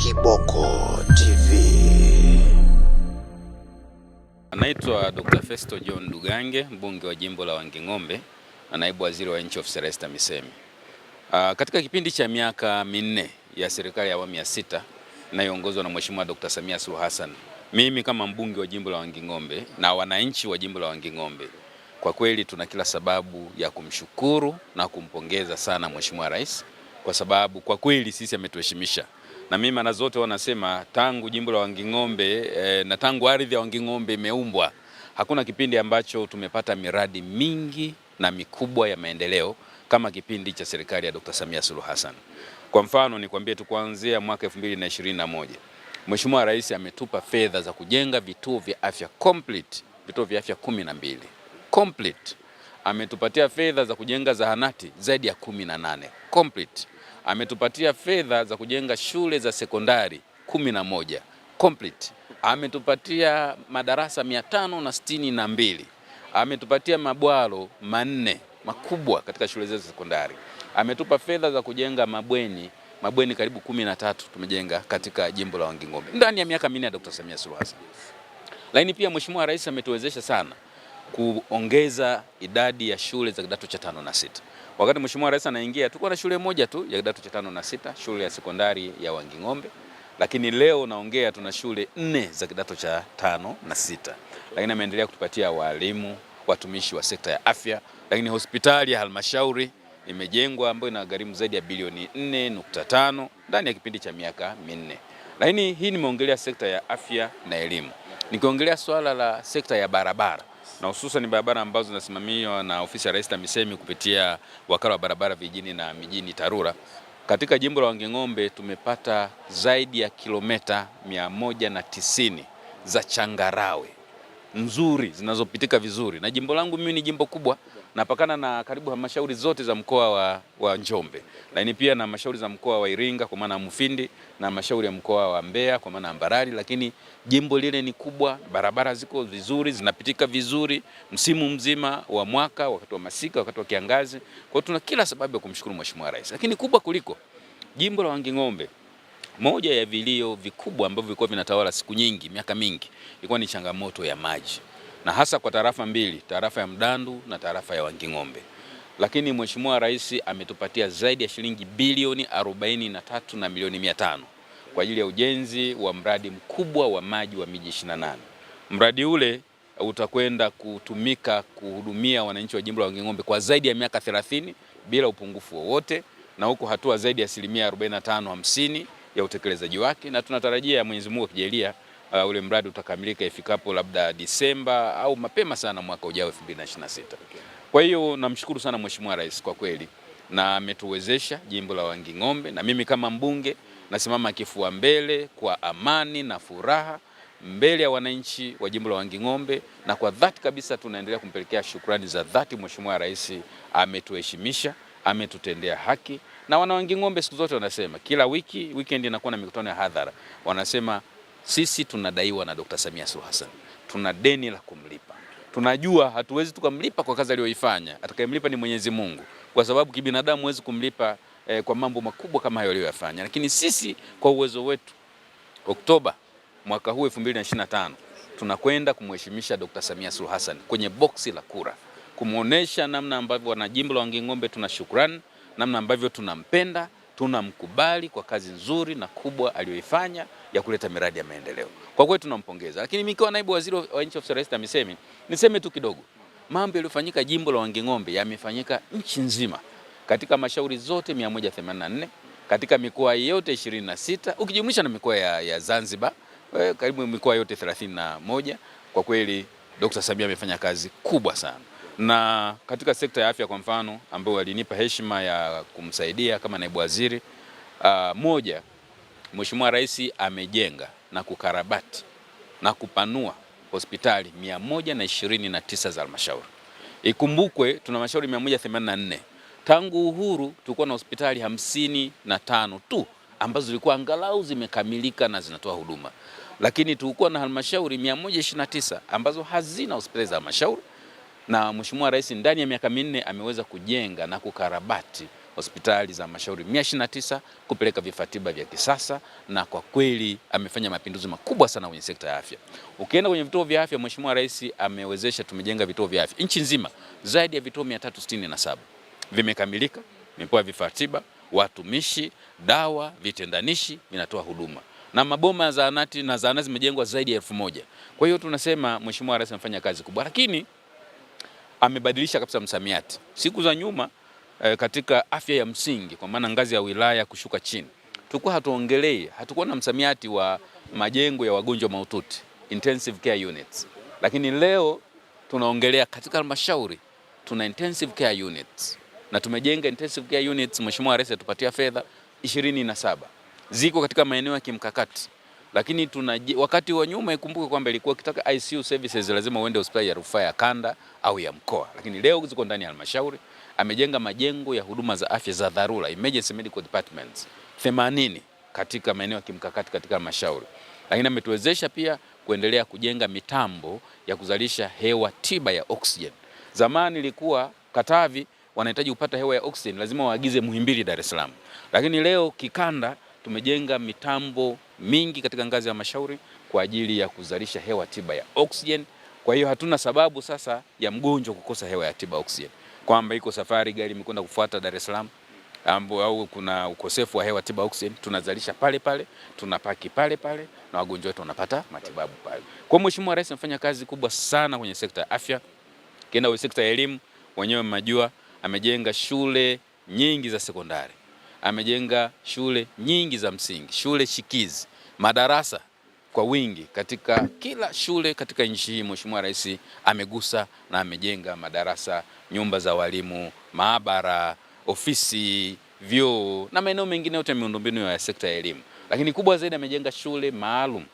Kiboko TV. Anaitwa Dr. Festo John Dugange, mbunge wa jimbo la Wanging'ombe na naibu waziri wa nchi ofisi ya Rais TAMISEMI. Uh, katika kipindi cha miaka minne ya serikali ya awamu ya sita inayoongozwa na Mheshimiwa Dr. Samia Suluhu Hassan, mimi kama mbunge wa jimbo la Wanging'ombe na wananchi wa jimbo la Wanging'ombe kwa kweli tuna kila sababu ya kumshukuru na kumpongeza sana Mheshimiwa Rais kwa sababu kwa kweli sisi ametuheshimisha na mimi mara zote wanasema tangu jimbo la Wanging'ombe eh, na tangu ardhi ya Wanging'ombe imeumbwa hakuna kipindi ambacho tumepata miradi mingi na mikubwa ya maendeleo kama kipindi cha serikali ya Dr. Samia Suluhu Hassan. Kwa mfano nikwambie tu kuanzia mwaka 2021 Mheshimiwa Rais ametupa fedha za kujenga vituo vya afya complete, vituo vya afya kumi na mbili complete. Ametupatia fedha za kujenga zahanati zaidi ya kumi na nane complete ametupatia fedha za kujenga shule za sekondari kumi na moja complete, ametupatia madarasa mia tano na sitini na mbili ametupatia mabwalo manne makubwa katika shule zetu sekondari, ametupa fedha za kujenga mabweni mabweni karibu kumi na tatu tumejenga katika jimbo la Wanging'ombe ndani ya miaka minne ya Dr. Samia Suluhu Hassan. Lakini pia Mheshimiwa Rais ametuwezesha sana kuongeza idadi ya shule za kidato cha tano na sita. Wakati Mheshimiwa Rais anaingia tuko na shule moja tu ya kidato cha tano na sita, shule ya sekondari ya Wanging'ombe, lakini leo naongea tuna shule nne za kidato cha tano na sita, lakini ameendelea kutupatia walimu, watumishi wa sekta ya afya, lakini hospitali ya halmashauri imejengwa ambayo ina gharimu zaidi ya bilioni 4.5 ndani ya kipindi cha miaka minne. Lakini hii nimeongelea sekta ya afya na elimu, nikiongelea swala la sekta ya barabara na hususan barabara ambazo zinasimamiwa na ofisi ya Rais TAMISEMI kupitia wakala wa barabara vijijini na mijini TARURA. Katika jimbo la Wanging'ombe tumepata zaidi ya kilometa tisini za changarawe nzuri zinazopitika vizuri, na jimbo langu mimi ni jimbo kubwa napakana na karibu halmashauri zote za mkoa wa, wa Njombe, lakini pia na halmashauri za mkoa wa Iringa kwa maana ya Mufindi na halmashauri ya mkoa wa Mbeya kwa maana ya Mbarali. Lakini jimbo lile ni kubwa, barabara ziko vizuri, zinapitika vizuri msimu mzima wa mwaka, wakati wa masika, wakati wa kiangazi. Kwa hiyo tuna kila sababu ya kumshukuru Mheshimiwa Rais. Lakini kubwa kuliko jimbo la Wanging'ombe moja ya vilio vikubwa ambavyo vilikuwa vinatawala siku nyingi, miaka mingi, ilikuwa ni changamoto ya maji na hasa kwa tarafa mbili, tarafa ya Mdandu na tarafa ya Wanging'ombe. Lakini Mheshimiwa Rais ametupatia zaidi ya shilingi bilioni 43 na milioni 500 kwa ajili ya ujenzi wa mradi mkubwa wa maji wa miji 28. Mradi ule utakwenda kutumika kuhudumia wananchi wa jimbo la Wanging'ombe kwa zaidi ya miaka 30 bila upungufu wowote, na huko hatua zaidi ya asilimia 45 50 ya utekelezaji wake, na tunatarajia Mwenyezi Mungu akijalia uh, ule mradi utakamilika ifikapo labda Disemba au mapema sana mwaka ujao 2026. Okay. Kwa hiyo namshukuru sana Mheshimiwa Rais kwa kweli na ametuwezesha jimbo la Wanging'ombe na mimi kama mbunge nasimama kifua mbele kwa amani na furaha mbele ya wananchi wa jimbo la Wanging'ombe, na kwa dhati kabisa tunaendelea kumpelekea shukrani za dhati Mheshimiwa Rais. Ametuheshimisha, ametutendea haki, na wana Wanging'ombe siku zote wanasema, kila wiki weekend inakuwa na mikutano ya hadhara, wanasema sisi tunadaiwa na Dr. Samia Suluhu Hassan, tuna deni la kumlipa. Tunajua hatuwezi tukamlipa kwa kazi aliyoifanya, atakayemlipa ni Mwenyezi Mungu, kwa sababu kibinadamu huwezi kumlipa eh, kwa mambo makubwa kama hayo aliyoyafanya. Lakini sisi kwa uwezo wetu, Oktoba mwaka huu 2025 tunakwenda kumheshimisha Dr. Samia Suluhu Hassan kwenye boksi la kura, kumwonesha namna ambavyo wanajimbo la Wanging'ombe tuna shukrani, namna ambavyo tunampenda, tunamkubali kwa kazi nzuri na kubwa aliyoifanya ya kuleta miradi ya maendeleo. Kwa kweli tunampongeza, lakini kwa naibu waziri wa nchi ofisi ya rais TAMISEMI niseme tu kidogo, mambo yaliyofanyika jimbo la Wanging'ombe yamefanyika nchi nzima katika mashauri zote 184 katika mikoa yote 26 ukijumlisha na mikoa ya, ya Zanzibar eh, karibu mikoa yote 31. Kwa kweli Dr. Samia amefanya kazi kubwa sana na katika sekta ya afya kwa mfano ambayo alinipa heshima ya kumsaidia kama naibu waziri uh, moja Mheshimiwa Rais amejenga na kukarabati na kupanua hospitali 129 za halmashauri. Ikumbukwe tuna halmashauri 184. Tangu uhuru tulikuwa na hospitali 55 tu ambazo zilikuwa angalau zimekamilika na zinatoa huduma, lakini tulikuwa na halmashauri 129 ambazo hazina hospitali za halmashauri, na Mheshimiwa Rais ndani ya miaka minne ameweza kujenga na kukarabati hospitali za halmashauri 129 kupeleka vifaa tiba vya kisasa, na kwa kweli amefanya mapinduzi makubwa sana kwenye sekta ya afya. Ukienda kwenye vituo vya afya, Mheshimiwa Rais amewezesha, tumejenga vituo vya afya nchi nzima, zaidi ya vituo 367 vimekamilika, vimepewa vifaa tiba, watumishi, dawa, vitendanishi, vinatoa huduma na maboma ya zahanati na zahanati zimejengwa zaidi ya elfu moja. Kwa hiyo tunasema Mheshimiwa Rais amefanya kazi kubwa, lakini amebadilisha kabisa msamiati. Siku za nyuma eh, katika afya ya msingi kwa maana ngazi ya wilaya kushuka chini, tulikuwa hatuongelei, hatukuwa na msamiati wa majengo ya wagonjwa mahututi intensive care units, lakini leo tunaongelea katika halmashauri tuna intensive care units na tumejenga intensive care units. Mheshimiwa Rais atupatia fedha ishirini na saba ziko katika maeneo ya kimkakati, lakini tuna wakati wa nyuma, ikumbuke kwamba ilikuwa kitaka ICU services lazima uende hospitali ya rufaa ya kanda au ya mkoa, lakini leo ziko ndani ya halmashauri amejenga majengo ya huduma za afya za dharura emergency medical departments 80 katika maeneo ya kimkakati katika halmashauri, lakini ametuwezesha pia kuendelea kujenga mitambo ya kuzalisha hewa tiba ya oxygen. Zamani ilikuwa Katavi wanahitaji kupata hewa ya oxygen lazima waagize Muhimbili, Dar es Salaam, lakini leo kikanda tumejenga mitambo mingi katika ngazi ya halmashauri kwa ajili ya kuzalisha hewa tiba ya oxygen. Kwa hiyo hatuna sababu sasa ya mgonjwa kukosa hewa ya tiba oxygen kwamba iko safari gari imekwenda kufuata Dar es Salaam ambapo au kuna ukosefu wa hewa tiba oxygen, tunazalisha pale pale, tunapaki pale pale na wagonjwa wetu wanapata matibabu pale. Kwa Mheshimiwa Rais amefanya kazi kubwa sana kwenye sekta ya afya, kenda kwenye sekta ya elimu, wenyewe mmejua, amejenga shule nyingi za sekondari, amejenga shule nyingi za msingi, shule shikizi, madarasa kwa wingi katika kila shule katika nchi hii. Mheshimiwa Rais amegusa na amejenga madarasa, nyumba za walimu, maabara, ofisi, vyoo na maeneo mengine yote ya miundombinu ya sekta ya elimu, lakini kubwa zaidi amejenga shule maalum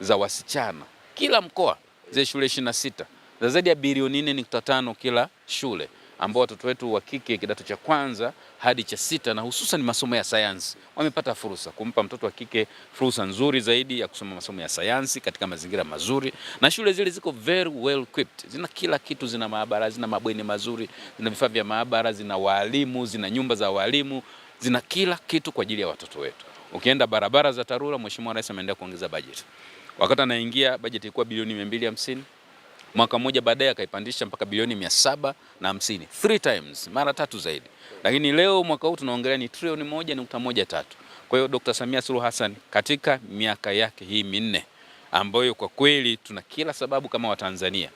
za wasichana kila mkoa, zile shule 26 za zaidi ya bilioni 4.5 kila shule ambao watoto wetu wa kike kidato cha kwanza hadi cha sita na hususan masomo ya sayansi wamepata fursa, kumpa mtoto wa kike fursa nzuri zaidi ya kusoma masomo ya sayansi katika mazingira mazuri, na shule zile ziko very well equipped, zina kila kitu, zina maabara, zina mabweni mazuri, zina vifaa vya maabara, zina walimu, zina nyumba za walimu, zina kila kitu kwa ajili ya watoto wetu. Ukienda barabara za TARURA, Mheshimiwa Rais ameendelea kuongeza bajeti. Wakati anaingia bajeti ilikuwa bilioni 250 Mwaka mmoja baadaye akaipandisha mpaka bilioni mia saba na hamsini three times, mara tatu zaidi. Lakini leo mwaka huu tunaongelea ni trilioni moja nukta moja tatu. Kwa hiyo Dr. Samia Suluhu Hassan katika miaka yake hii minne ambayo kwa kweli tuna kila sababu kama Watanzania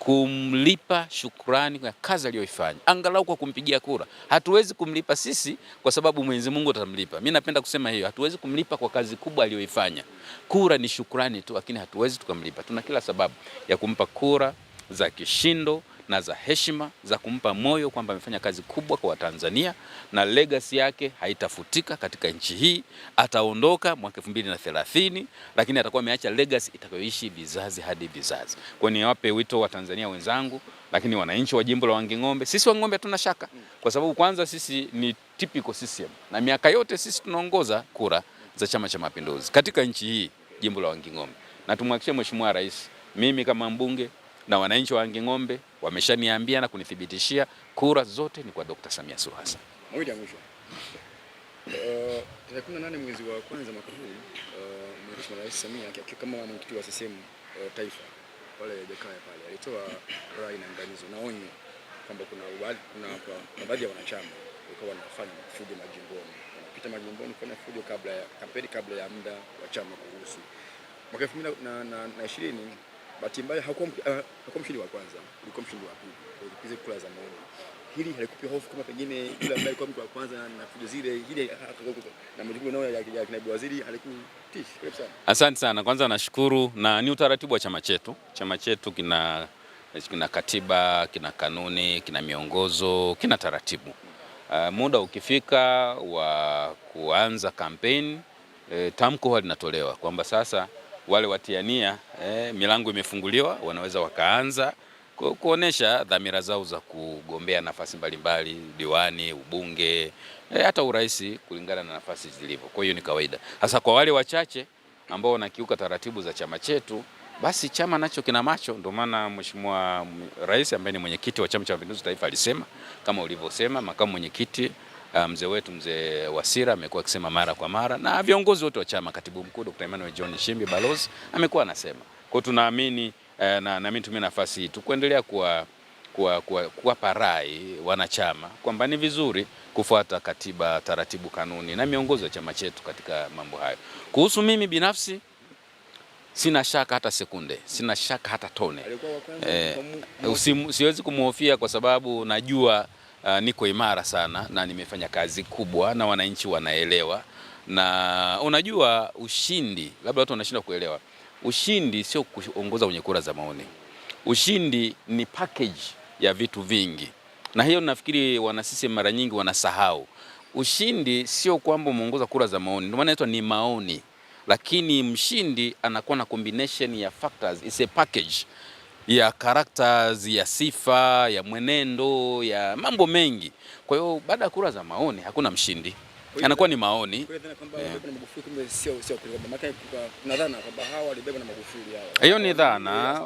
kumlipa shukrani kwa kazi aliyoifanya, angalau kwa kumpigia kura. Hatuwezi kumlipa sisi kwa sababu Mwenyezi Mungu atamlipa. Mimi napenda kusema hiyo, hatuwezi kumlipa kwa kazi kubwa aliyoifanya. Kura ni shukrani tu, lakini hatuwezi tukamlipa. Tuna kila sababu ya kumpa kura za kishindo na za heshima za kumpa moyo kwamba amefanya kazi kubwa kwa Watanzania na legacy yake haitafutika katika nchi hii. Ataondoka mwaka 2030 lakini atakuwa ameacha legacy itakayoishi vizazi hadi vizazi. Kwa hiyo niwape wito wa Tanzania wenzangu, lakini wananchi wa jimbo la Wanging'ombe, sisi Wanging'ombe hatuna shaka, kwa sababu kwanza sisi ni typical CCM na miaka yote sisi tunaongoza kura za Chama cha Mapinduzi katika nchi hii, jimbo la Wanging'ombe, na tumhakikishie Mheshimiwa Rais, mimi kama mbunge na wananchi wa Wanging'ombe wameshaniambia na kunithibitishia kura zote ni kwa Dr. Samia Suluhu Hassan. Moja mwisho. Uh, tarehe 18 mwezi wa kwanza mwaka huu uh, Mheshimiwa Rais Samia kama mwenyekiti wa CCM uh, eh, taifa pale Jakaya pale alitoa rai na angalizo na onyo kwamba kuna kuna baadhi ya wanachama walikuwa wanafanya fujo majimboni, wanapita majimboni kufanya fujo kabla ya kampeni, kabla ya muda wa chama kuhusu mwaka 2020 bahati mbaya hakuwa uh, mshindi wa kwanza, alikuwa mshindi wa pili, ulipize kula za maoni. Hili halikupi hofu kama pengine yule ambaye alikuwa mtu wa kwanza na fujo zile ile na mjumbe nayo ya ya, naibu waziri alikutishi? Karibu sana. Asante sana, kwanza nashukuru, na ni utaratibu wa chama chetu. Chama chetu kina kina katiba, kina kanuni, kina miongozo, kina taratibu. Uh, muda ukifika wa kuanza kampeni, eh, tamko huwa linatolewa kwamba sasa wale watiania eh, milango imefunguliwa, wanaweza wakaanza kuonesha dhamira zao za kugombea nafasi mbalimbali mbali, diwani, ubunge eh, hata urais kulingana na nafasi zilivyo. Kwa hiyo ni kawaida, hasa kwa wale wachache ambao wanakiuka taratibu za chama chetu basi chama nacho kina macho. Ndio maana Mheshimiwa Rais ambaye ni mwenyekiti wa Chama cha Mapinduzi Taifa alisema kama ulivyosema, makamu mwenyekiti Ah, mzee wetu mzee Wasira amekuwa akisema mara kwa mara na viongozi wote wa chama, katibu mkuu Dr. Emmanuel John Shimbi balozi amekuwa anasema. Kwa hiyo tunaamini eh, na na mimi nafasi hii tukuendelea kuendelea kuwa kuwapa rai wanachama kwamba ni vizuri kufuata katiba, taratibu, kanuni na miongozo ya chama chetu katika mambo hayo. Kuhusu mimi binafsi sina shaka hata sekunde, sina shaka hata tone eh, siwezi kumhofia kwa sababu najua uh, niko imara sana na nimefanya kazi kubwa na wananchi wanaelewa. Na unajua ushindi, labda watu wanashindwa kuelewa, ushindi sio kuongoza kwenye kura za maoni. Ushindi ni package ya vitu vingi, na hiyo nafikiri wanasisi mara nyingi wanasahau. Ushindi sio kwamba umeongoza kura za maoni, ndio maana inaitwa ni maoni, lakini mshindi anakuwa na combination ya factors, it's a package ya characters ya sifa ya mwenendo ya mambo mengi. Kwa hiyo baada ya kura za maoni hakuna mshindi, anakuwa ni maoni. Hiyo ni dhana,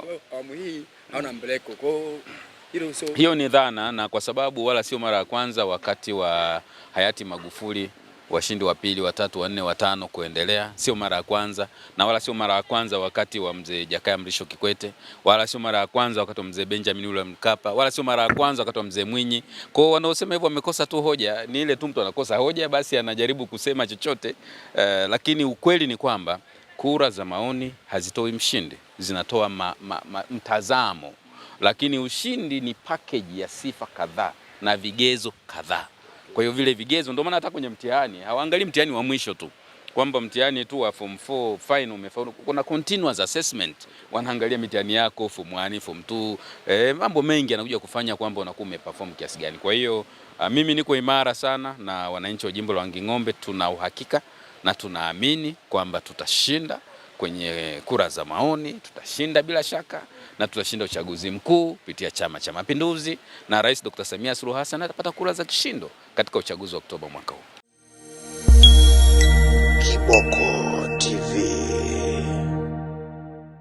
hiyo ni dhana, na kwa sababu wala sio mara ya kwanza wakati wa hayati Magufuli washindi wa pili, watatu, wanne, watano kuendelea. Sio mara ya kwanza na wala sio mara ya kwanza wakati wa mzee Jakaya Mrisho Kikwete, wala sio mara ya kwanza wakati wa mzee Benjamin William Mkapa, wala sio mara ya kwanza wakati wa mzee Mwinyi. Kwa hiyo wanaosema hivyo wamekosa tu hoja, ni ile tu mtu anakosa hoja, basi anajaribu kusema chochote uh, lakini ukweli ni kwamba kura za maoni hazitoi mshindi, zinatoa ma, ma, ma, mtazamo, lakini ushindi ni package ya sifa kadhaa na vigezo kadhaa. Kwa hiyo vile vigezo, ndio maana hata kwenye mtihani hawaangalii mtihani wa mwisho tu kwamba mtihani tu wa form 4 fine umefaulu. Kuna continuous assessment, wanaangalia mitihani yako form 1, form 2, eh, mambo mengi anakuja kufanya kwamba unakuwa umeperform kiasi gani. Kwa hiyo ah, mimi niko imara sana, na wananchi wa jimbo la Wanging'ombe tuna uhakika na tunaamini kwamba tutashinda kwenye kura za maoni, tutashinda bila shaka, na tutashinda uchaguzi mkuu kupitia Chama cha Mapinduzi, na Rais Dr. Samia Suluhu Hassan atapata kura za kishindo katika uchaguzi wa Oktoba mwaka huu. Kiboko.